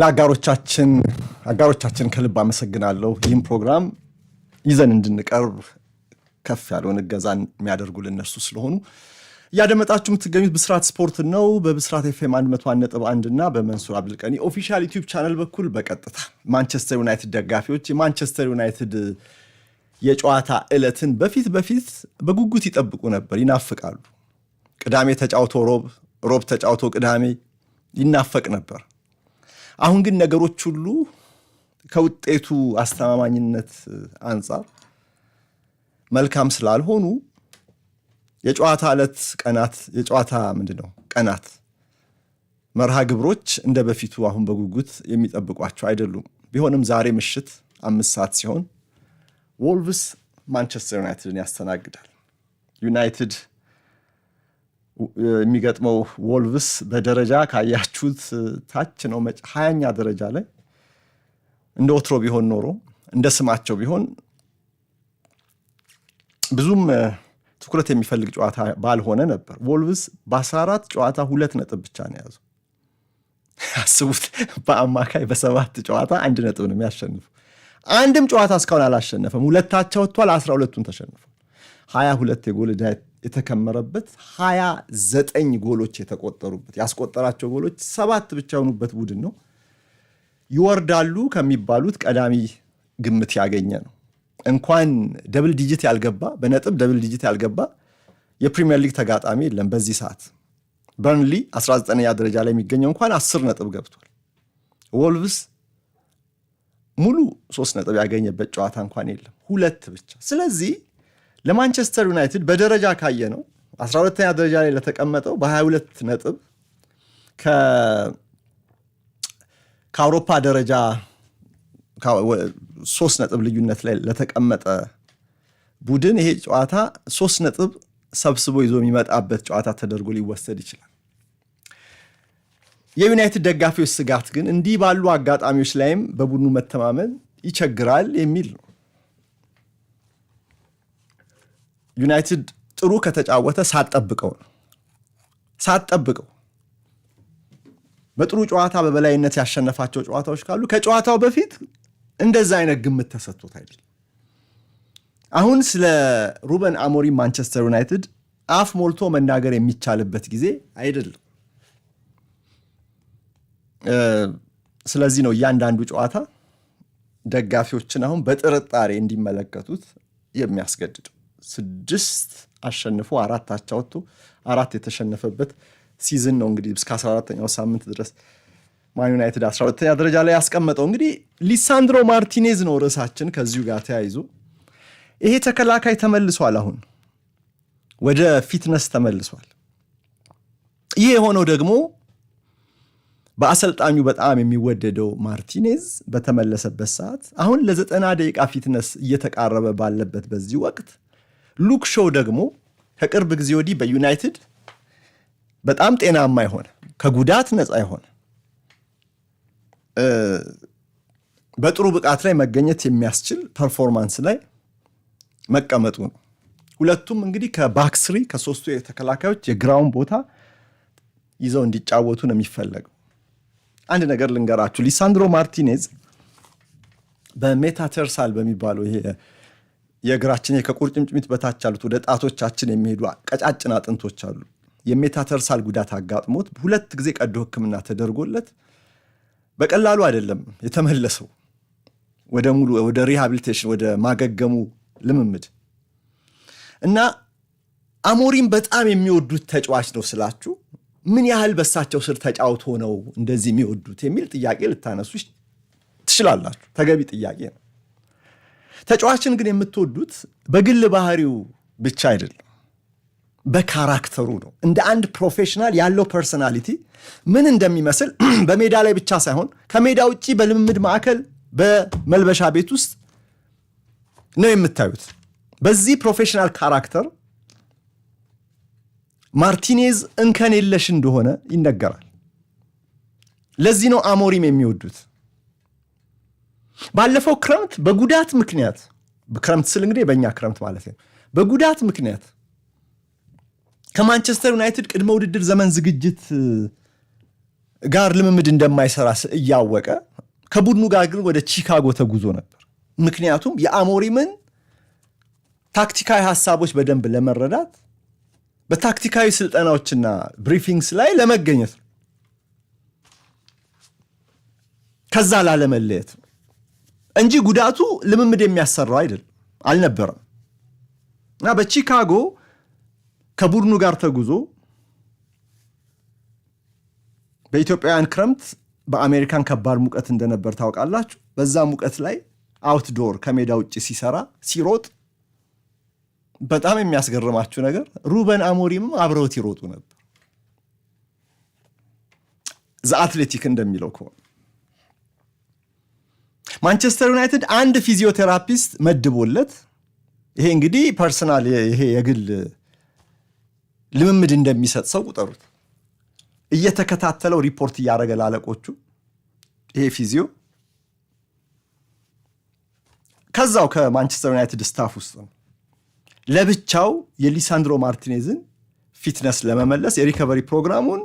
ለአጋሮቻችን አጋሮቻችን ከልብ አመሰግናለሁ። ይህም ፕሮግራም ይዘን እንድንቀርብ ከፍ ያለውን እገዛን የሚያደርጉልን እነርሱ ስለሆኑ እያደመጣችሁ የምትገኙት ብስራት ስፖርት ነው። በብስራት ኤፍኤም 101.1 እና በመንሱር አብዱልቀኒ ኦፊሻል ዩቲዩብ ቻናል በኩል በቀጥታ ማንቸስተር ዩናይትድ ደጋፊዎች የማንቸስተር ዩናይትድ የጨዋታ ዕለትን በፊት በፊት በጉጉት ይጠብቁ ነበር፣ ይናፍቃሉ። ቅዳሜ ተጫውቶ ሮብ፣ ሮብ ተጫውቶ ቅዳሜ ይናፈቅ ነበር። አሁን ግን ነገሮች ሁሉ ከውጤቱ አስተማማኝነት አንጻር መልካም ስላልሆኑ የጨዋታ ዕለት ቀናት የጨዋታ ምንድን ነው ቀናት መርሃ ግብሮች እንደ በፊቱ አሁን በጉጉት የሚጠብቋቸው አይደሉም። ቢሆንም ዛሬ ምሽት አምስት ሰዓት ሲሆን ወልቭስ ማንቸስተር ዩናይትድን ያስተናግዳል። ዩናይትድ የሚገጥመው ወልቭስ በደረጃ ካያችሁት ታች ነው፣ ሀያኛ ደረጃ ላይ እንደ ወትሮ ቢሆን ኖሮ እንደ ስማቸው ቢሆን ብዙም ትኩረት የሚፈልግ ጨዋታ ባልሆነ ነበር። ወልቭስ በ14 ጨዋታ ሁለት ነጥብ ብቻ ነው የያዙ። አስቡት፣ በአማካይ በሰባት ጨዋታ አንድ ነጥብ ነው የሚያሸንፉ። አንድም ጨዋታ እስካሁን አላሸነፈም። ሁለታቸው ወጥቷል፣ 12ቱን ተሸንፏል። 22 የጎል ዕዳ የተከመረበት ሀያ ዘጠኝ ጎሎች የተቆጠሩበት ያስቆጠራቸው ጎሎች ሰባት ብቻ የሆኑበት ቡድን ነው። ይወርዳሉ ከሚባሉት ቀዳሚ ግምት ያገኘ ነው። እንኳን ደብል ዲጂት ያልገባ በነጥብ ደብል ዲጂት ያልገባ የፕሪሚየር ሊግ ተጋጣሚ የለም። በዚህ ሰዓት በርንሊ 19ኛ ደረጃ ላይ የሚገኘው እንኳን አስር ነጥብ ገብቷል። ወልቭስ ሙሉ ሶስት ነጥብ ያገኘበት ጨዋታ እንኳን የለም፣ ሁለት ብቻ። ስለዚህ ለማንቸስተር ዩናይትድ በደረጃ ካየ ነው 12ተኛ ደረጃ ላይ ለተቀመጠው በ22 ነጥብ ከአውሮፓ ደረጃ ሶስት ነጥብ ልዩነት ላይ ለተቀመጠ ቡድን ይሄ ጨዋታ ሶስት ነጥብ ሰብስቦ ይዞ የሚመጣበት ጨዋታ ተደርጎ ሊወሰድ ይችላል። የዩናይትድ ደጋፊዎች ስጋት ግን እንዲህ ባሉ አጋጣሚዎች ላይም በቡድኑ መተማመን ይቸግራል የሚል ነው። ዩናይትድ ጥሩ ከተጫወተ ሳትጠብቀው ነው ሳትጠብቀው በጥሩ ጨዋታ በበላይነት ያሸነፋቸው ጨዋታዎች ካሉ ከጨዋታው በፊት እንደዛ አይነት ግምት ተሰጥቶት አይደል። አሁን ስለ ሩበን አሞሪ ማንቸስተር ዩናይትድ አፍ ሞልቶ መናገር የሚቻልበት ጊዜ አይደለም። ስለዚህ ነው እያንዳንዱ ጨዋታ ደጋፊዎችን አሁን በጥርጣሬ እንዲመለከቱት የሚያስገድደው። ስድስት አሸንፎ አራት አቻ ወጥቶ አራት የተሸነፈበት ሲዝን ነው እንግዲህ እስከ 14ኛው ሳምንት ድረስ ማን ዩናይትድ 12ኛ ደረጃ ላይ ያስቀመጠው። እንግዲህ ሊሳንድሮ ማርቲኔዝ ነው ርዕሳችን ከዚሁ ጋር ተያይዞ ይሄ ተከላካይ ተመልሷል። አሁን ወደ ፊትነስ ተመልሷል። ይህ የሆነው ደግሞ በአሰልጣኙ በጣም የሚወደደው ማርቲኔዝ በተመለሰበት ሰዓት አሁን ለዘጠና ደቂቃ ፊትነስ እየተቃረበ ባለበት በዚህ ወቅት ሉክ ሾው ደግሞ ከቅርብ ጊዜ ወዲህ በዩናይትድ በጣም ጤናማ የሆነ ከጉዳት ነፃ የሆነ በጥሩ ብቃት ላይ መገኘት የሚያስችል ፐርፎርማንስ ላይ መቀመጡ ነው። ሁለቱም እንግዲህ ከባክስሪ ከሶስቱ የተከላካዮች የግራውን ቦታ ይዘው እንዲጫወቱ ነው የሚፈለገው። አንድ ነገር ልንገራችሁ፣ ሊሳንድሮ ማርቲኔዝ በሜታተርሳል በሚባለው ይሄ የእግራችን ከቁርጭምጭሚት በታች ያሉት ወደ ጣቶቻችን የሚሄዱ ቀጫጭን አጥንቶች አሉ። የሜታተርሳል ጉዳት አጋጥሞት ሁለት ጊዜ ቀዶ ሕክምና ተደርጎለት በቀላሉ አይደለም የተመለሰው ወደ ሙሉ ወደ ሪሃቢሊቴሽን ወደ ማገገሙ ልምምድ እና አሞሪም በጣም የሚወዱት ተጫዋች ነው ስላችሁ ምን ያህል በሳቸው ስር ተጫውቶ ነው እንደዚህ የሚወዱት የሚል ጥያቄ ልታነሱ ትችላላችሁ። ተገቢ ጥያቄ ነው። ተጫዋችን ግን የምትወዱት በግል ባህሪው ብቻ አይደለም፣ በካራክተሩ ነው። እንደ አንድ ፕሮፌሽናል ያለው ፐርሰናሊቲ ምን እንደሚመስል በሜዳ ላይ ብቻ ሳይሆን ከሜዳ ውጭ በልምምድ ማዕከል፣ በመልበሻ ቤት ውስጥ ነው የምታዩት። በዚህ ፕሮፌሽናል ካራክተር ማርቲኔዝ እንከን የለሽ እንደሆነ ይነገራል። ለዚህ ነው አሞሪም የሚወዱት። ባለፈው ክረምት በጉዳት ምክንያት ክረምት ስል እንግዲህ በእኛ ክረምት ማለት ነው። በጉዳት ምክንያት ከማንቸስተር ዩናይትድ ቅድመ ውድድር ዘመን ዝግጅት ጋር ልምምድ እንደማይሰራ እያወቀ ከቡድኑ ጋር ግን ወደ ቺካጎ ተጉዞ ነበር። ምክንያቱም የአሞሪምን ታክቲካዊ ሀሳቦች በደንብ ለመረዳት በታክቲካዊ ስልጠናዎችና ብሪፊንግስ ላይ ለመገኘት ነው። ከዛ ላለመለየት ነው። እንጂ ጉዳቱ ልምምድ የሚያሰራው አይደለም አልነበረም። እና በቺካጎ ከቡድኑ ጋር ተጉዞ በኢትዮጵያውያን ክረምት በአሜሪካን ከባድ ሙቀት እንደነበር ታውቃላችሁ። በዛ ሙቀት ላይ አውትዶር ከሜዳ ውጭ ሲሰራ ሲሮጥ በጣም የሚያስገርማችሁ ነገር ሩበን አሞሪም አብረውት ይሮጡ ነበር። ዘአትሌቲክ እንደሚለው ከሆነ ማንቸስተር ዩናይትድ አንድ ፊዚዮቴራፒስት መድቦለት ይሄ እንግዲህ ፐርሰናል ይሄ የግል ልምምድ እንደሚሰጥ ሰው ቁጠሩት። እየተከታተለው ሪፖርት እያደረገ ላለቆቹ ይሄ ፊዚዮ ከዛው ከማንቸስተር ዩናይትድ ስታፍ ውስጥ ነው። ለብቻው የሊሳንድሮ ማርቲኔዝን ፊትነስ ለመመለስ የሪከቨሪ ፕሮግራሙን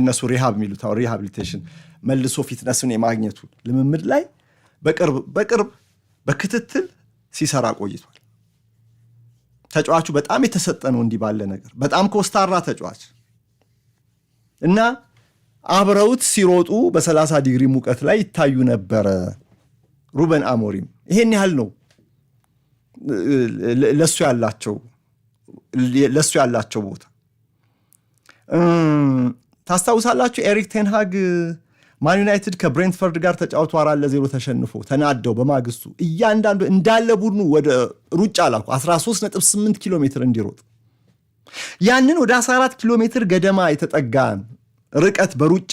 እነሱ ሪሃብ የሚሉት ሪሃብሊቴሽን መልሶ ፊትነስን የማግኘቱ ልምምድ ላይ በቅርብ በቅርብ በክትትል ሲሰራ ቆይቷል። ተጫዋቹ በጣም የተሰጠ ነው እንዲህ ባለ ነገር በጣም ኮስታራ ተጫዋች እና አብረውት ሲሮጡ በ30 ዲግሪ ሙቀት ላይ ይታዩ ነበረ። ሩበን አሞሪም ይሄን ያህል ነው ለሱ ያላቸው ለሱ ያላቸው ቦታ ታስታውሳላችሁ ኤሪክ ቴንሃግ ማን ዩናይትድ ከብሬንትፈርድ ጋር ተጫውቶ አራት ለዜሮ ተሸንፎ ተናደው በማግስቱ እያንዳንዱ እንዳለ ቡድኑ ወደ ሩጫ ላኩ 13.8 ኪሎ ሜትር እንዲሮጥ ያንን ወደ 14 ኪሎ ሜትር ገደማ የተጠጋን ርቀት በሩጫ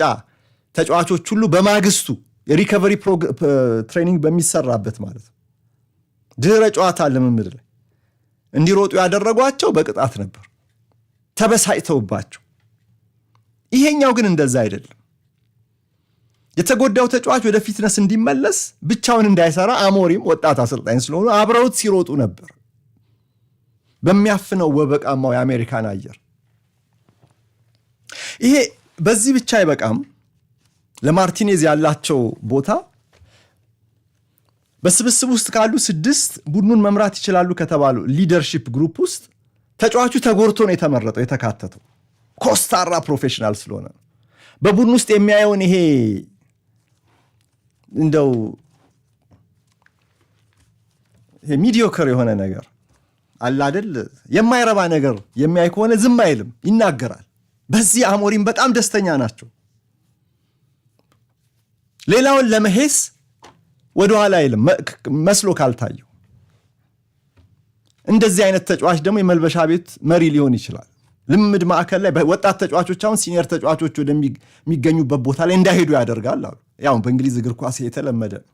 ተጫዋቾች ሁሉ በማግስቱ የሪከቨሪ ትሬኒንግ በሚሰራበት ማለት ነው ድህረ ጨዋታ ልምምድ ላይ እንዲሮጡ ያደረጓቸው በቅጣት ነበር፣ ተበሳጭተውባቸው። ይሄኛው ግን እንደዛ አይደለም። የተጎዳው ተጫዋች ወደ ፊትነስ እንዲመለስ ብቻውን እንዳይሰራ አሞሪም ወጣት አሰልጣኝ ስለሆኑ አብረውት ሲሮጡ ነበር። በሚያፍነው ወበቃማው የአሜሪካን አየር ይሄ በዚህ ብቻ አይበቃም። ለማርቲኔዝ ያላቸው ቦታ በስብስብ ውስጥ ካሉ ስድስት ቡድኑን መምራት ይችላሉ ከተባሉ ሊደርሺፕ ግሩፕ ውስጥ ተጫዋቹ ተጎርቶ ነው የተመረጠው የተካተተው። ኮስታራ ፕሮፌሽናል ስለሆነ በቡድን ውስጥ የሚያየውን ይሄ እንደው ሚዲዮከር የሆነ ነገር አለ አይደል? የማይረባ ነገር የሚያይ ከሆነ ዝም አይልም፣ ይናገራል። በዚህ አሞሪም በጣም ደስተኛ ናቸው። ሌላውን ለመሄስ ወደኋላ አይልም፣ መስሎ ካልታየው። እንደዚህ አይነት ተጫዋች ደግሞ የመልበሻ ቤት መሪ ሊሆን ይችላል። ልምምድ ማዕከል ላይ ወጣት ተጫዋቾች አሁን ሲኒየር ተጫዋቾች ወደሚገኙበት ቦታ ላይ እንዳይሄዱ ያደርጋል አሉ። ያው በእንግሊዝ እግር ኳስ የተለመደ ነው።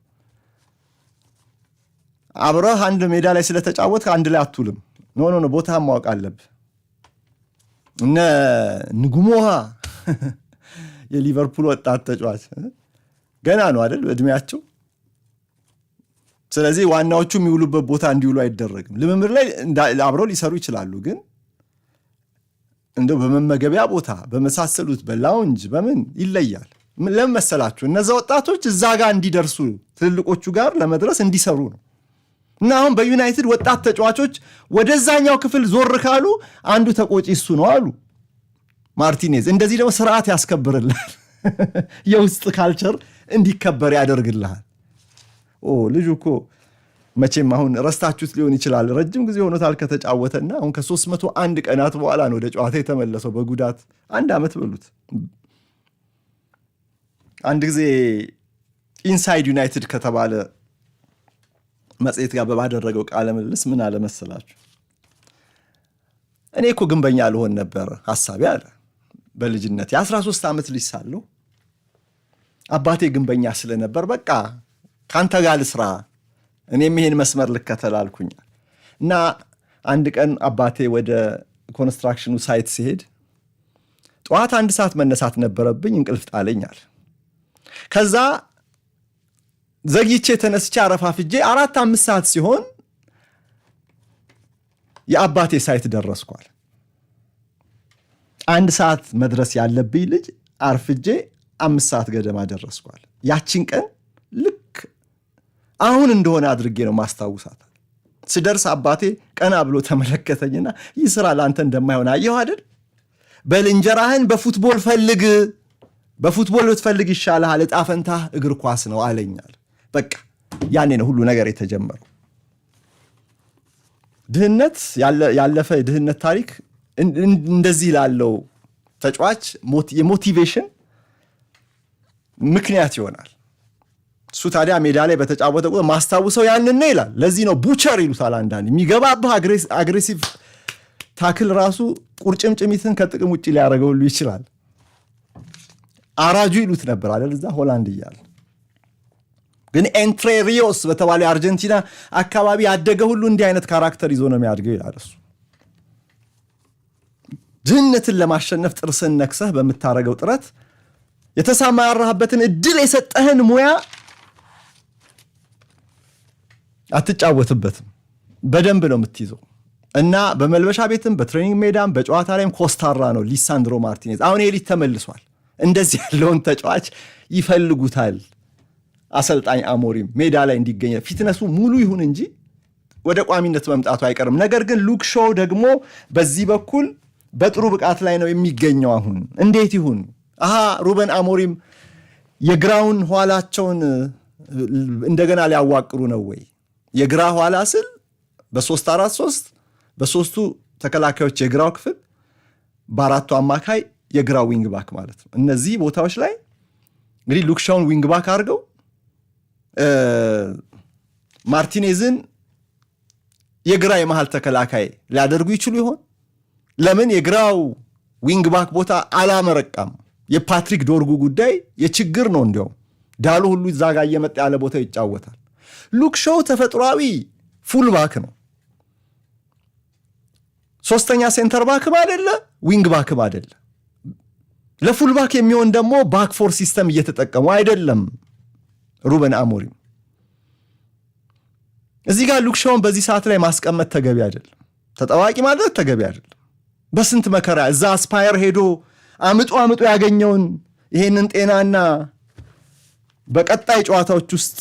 አብረህ አንድ ሜዳ ላይ ስለተጫወት አንድ ላይ አትውልም። ኖ ኖ ቦታህን ማወቅ አለብህ። እነ ንጉሞሃ የሊቨርፑል ወጣት ተጫዋች ገና ነው አይደል እድሜያቸው። ስለዚህ ዋናዎቹ የሚውሉበት ቦታ እንዲውሉ አይደረግም። ልምምድ ላይ አብረው ሊሰሩ ይችላሉ፣ ግን እንደው በመመገቢያ ቦታ በመሳሰሉት በላውንጅ በምን ይለያል። ለምን መሰላችሁ? እነዛ ወጣቶች እዛ ጋር እንዲደርሱ ትልልቆቹ ጋር ለመድረስ እንዲሰሩ ነው። እና አሁን በዩናይትድ ወጣት ተጫዋቾች ወደዛኛው ክፍል ዞር ካሉ አንዱ ተቆጪ እሱ ነው አሉ ማርቲኔዝ። እንደዚህ ደግሞ ስርዓት ያስከብርልሃል፣ የውስጥ ካልቸር እንዲከበር ያደርግልሃል። ልጁ እኮ መቼም አሁን ረስታችሁት ሊሆን ይችላል፣ ረጅም ጊዜ ሆኖታል ከተጫወተና አሁን ከ301 ቀናት በኋላ ነው ወደ ጨዋታ የተመለሰው በጉዳት አንድ ዓመት በሉት። አንድ ጊዜ ኢንሳይድ ዩናይትድ ከተባለ መጽሔት ጋር ባደረገው ቃለ ምልልስ ምን አለ መሰላችሁ? እኔ እኮ ግንበኛ አልሆን ነበር ሀሳቢ አለ። በልጅነት የአስራ ሶስት ዓመት ልጅ ሳለሁ አባቴ ግንበኛ ስለነበር በቃ ካንተ ጋር ልስራ፣ እኔም ይሄን መስመር ልከተል እና አንድ ቀን አባቴ ወደ ኮንስትራክሽኑ ሳይት ሲሄድ ጠዋት አንድ ሰዓት መነሳት ነበረብኝ፣ እንቅልፍ ጣለኛል። ከዛ ዘግይቼ ተነስቼ አረፋፍጄ አራት አምስት ሰዓት ሲሆን የአባቴ ሳይት ደረስኳል። አንድ ሰዓት መድረስ ያለብኝ ልጅ አርፍጄ አምስት ሰዓት ገደማ ደረስኳል። ያችን ቀን ልክ አሁን እንደሆነ አድርጌ ነው ማስታውሳት። ስደርስ አባቴ ቀና ብሎ ተመለከተኝና ይህ ስራ ለአንተ እንደማይሆን አየሁ አይደል? በልንጀራህን በፉትቦል ፈልግ በፉትቦል ብትፈልግ ይሻልሃል፣ እጣ ፈንታህ እግር ኳስ ነው አለኛል። በቃ ያኔ ነው ሁሉ ነገር የተጀመረው። ድህነት ያለፈ ድህነት ታሪክ እንደዚህ ላለው ተጫዋች የሞቲቬሽን ምክንያት ይሆናል። እሱ ታዲያ ሜዳ ላይ በተጫወተ ቁጥር ማስታውሰው ያንን ነው ይላል። ለዚህ ነው ቡቸር ይሉታል። አንዳንድ የሚገባብህ አግሬሲቭ ታክል ራሱ ቁርጭምጭሚትን ከጥቅም ውጭ ሊያደርገው ሁሉ ይችላል። አራጁ ይሉት ነበር አይደል? እዛ ሆላንድ እያል ግን ኤንትሬሪዮስ በተባለው የአርጀንቲና አካባቢ ያደገ ሁሉ እንዲህ አይነት ካራክተር ይዞ ነው የሚያድገው ይላል እሱ። ድህነትን ለማሸነፍ ጥርስን ነክሰህ በምታደርገው ጥረት የተሰማራህበትን እድል የሰጠህን ሙያ አትጫወትበትም። በደንብ ነው የምትይዘው እና በመልበሻ ቤትም በትሬኒንግ ሜዳም በጨዋታ ላይም ኮስታራ ነው ሊሳንድሮ ማርቲኔዝ። አሁን ይህ ልጅ ተመልሷል። እንደዚህ ያለውን ተጫዋች ይፈልጉታል። አሰልጣኝ አሞሪም ሜዳ ላይ እንዲገኝ ፊትነሱ ሙሉ ይሁን እንጂ ወደ ቋሚነት መምጣቱ አይቀርም። ነገር ግን ሉክ ሾው ደግሞ በዚህ በኩል በጥሩ ብቃት ላይ ነው የሚገኘው። አሁን እንዴት ይሁን? አሃ ሩበን አሞሪም የግራውን ኋላቸውን እንደገና ሊያዋቅሩ ነው ወይ? የግራ ኋላ ስል በሶስት አራት ሶስት በሶስቱ ተከላካዮች የግራው ክፍል በአራቱ አማካይ የግራ ዊንግ ባክ ማለት ነው። እነዚህ ቦታዎች ላይ እንግዲህ ሉክሻውን ዊንግ ባክ አድርገው ማርቲኔዝን የግራ የመሀል ተከላካይ ሊያደርጉ ይችሉ ይሆን? ለምን የግራው ዊንግ ባክ ቦታ አላመረቃም? የፓትሪክ ዶርጉ ጉዳይ የችግር ነው። እንዲያውም ዳሉ ሁሉ እዛ ጋር እየመጣ ያለ ቦታ ይጫወታል። ሉክ ሾው ተፈጥሯዊ ፉል ባክ ነው። ሶስተኛ ሴንተር ባክም አደለ፣ ዊንግ ባክም አደለ። ለፉልባክ የሚሆን ደግሞ ባክፎር ሲስተም እየተጠቀሙ አይደለም ሩበን አሞሪም። እዚህ ጋር ሉክሻውን በዚህ ሰዓት ላይ ማስቀመጥ ተገቢ አይደለም። ተጠባቂ ማለት ተገቢ አይደለም። በስንት መከራ እዛ አስፓየር ሄዶ አምጦ አምጦ ያገኘውን ይሄንን ጤናና በቀጣይ ጨዋታዎች ውስጥ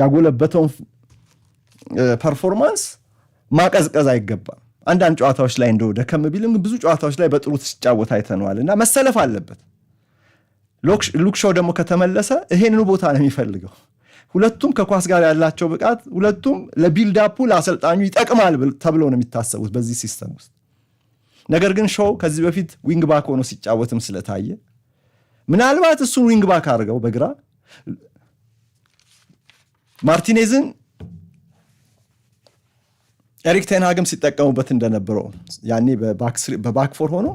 ያጎለበተውን ፐርፎርማንስ ማቀዝቀዝ አይገባም። አንዳንድ ጨዋታዎች ላይ እንደው ደከም ቢልም ብዙ ጨዋታዎች ላይ በጥሩ ሲጫወት አይተነዋል እና መሰለፍ አለበት። ሉክሾው ደግሞ ከተመለሰ ይሄንኑ ቦታ ነው የሚፈልገው። ሁለቱም ከኳስ ጋር ያላቸው ብቃት፣ ሁለቱም ለቢልዳፑ ለአሰልጣኙ ይጠቅማል ተብሎ ነው የሚታሰቡት በዚህ ሲስተም ውስጥ። ነገር ግን ሾው ከዚህ በፊት ዊንግ ባክ ሆኖ ሲጫወትም ስለታየ ምናልባት እሱን ዊንግ ባክ አድርገው በግራ ማርቲኔዝን ኤሪክ ቴንሃግም ሲጠቀሙበት እንደነበረው ያኔ በባክፎር ሆኖ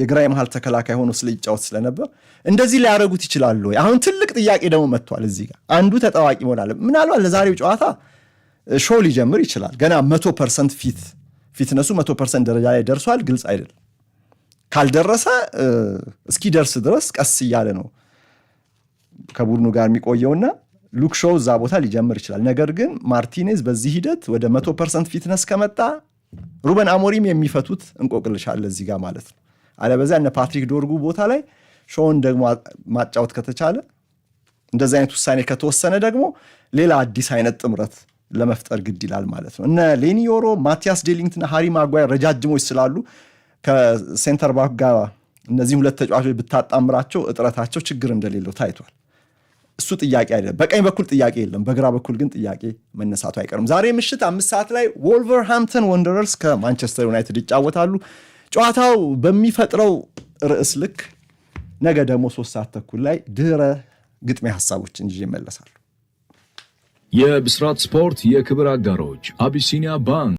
የግራ መሃል ተከላካይ ሆኖ ስለይጫወት ስለነበር እንደዚህ ሊያደረጉት ይችላሉ። አሁን ትልቅ ጥያቄ ደግሞ መጥቷል። እዚህ ጋር አንዱ ተጠዋቂ ይሆናል። ምናልባት ለዛሬው ጨዋታ ሾው ሊጀምር ይችላል። ገና መቶ ፐርሰንት ፊት ፊትነሱ መቶ ፐርሰንት ደረጃ ላይ ደርሷል። ግልጽ አይደለም። ካልደረሰ እስኪደርስ ድረስ ቀስ እያለ ነው ከቡድኑ ጋር የሚቆየውና ሉክ ሾው እዛ ቦታ ሊጀምር ይችላል። ነገር ግን ማርቲኔዝ በዚህ ሂደት ወደ መቶ ፐርሰንት ፊትነስ ከመጣ ሩበን አሞሪም የሚፈቱት እንቆቅልሽ አለ እዚህ ጋር ማለት ነው። አለበዚያ እነ ፓትሪክ ዶርጉ ቦታ ላይ ሾውን ደግሞ ማጫወት ከተቻለ እንደዚህ አይነት ውሳኔ ከተወሰነ ደግሞ ሌላ አዲስ አይነት ጥምረት ለመፍጠር ግድ ይላል ማለት ነው። እነ ሌኒ ዮሮ፣ ማቲያስ ዴሊንግትና ሃሪ ማጓየር ረጃጅሞች ስላሉ ከሴንተር ባክ ጋር እነዚህ ሁለት ተጫዋቾች ብታጣምራቸው እጥረታቸው ችግር እንደሌለው ታይቷል። እሱ ጥያቄ አይደለም። በቀኝ በኩል ጥያቄ የለም፣ በግራ በኩል ግን ጥያቄ መነሳቱ አይቀርም። ዛሬ ምሽት አምስት ሰዓት ላይ ወልቨርሃምፕተን ወንደረርስ ከማንቸስተር ዩናይትድ ይጫወታሉ። ጨዋታው በሚፈጥረው ርዕስ ልክ ነገ ደግሞ ሶስት ሰዓት ተኩል ላይ ድረ ግጥሚያ ሀሳቦችን ይዤ እመለሳለሁ። የብስራት ስፖርት የክብር አጋሮች አቢሲኒያ ባንክ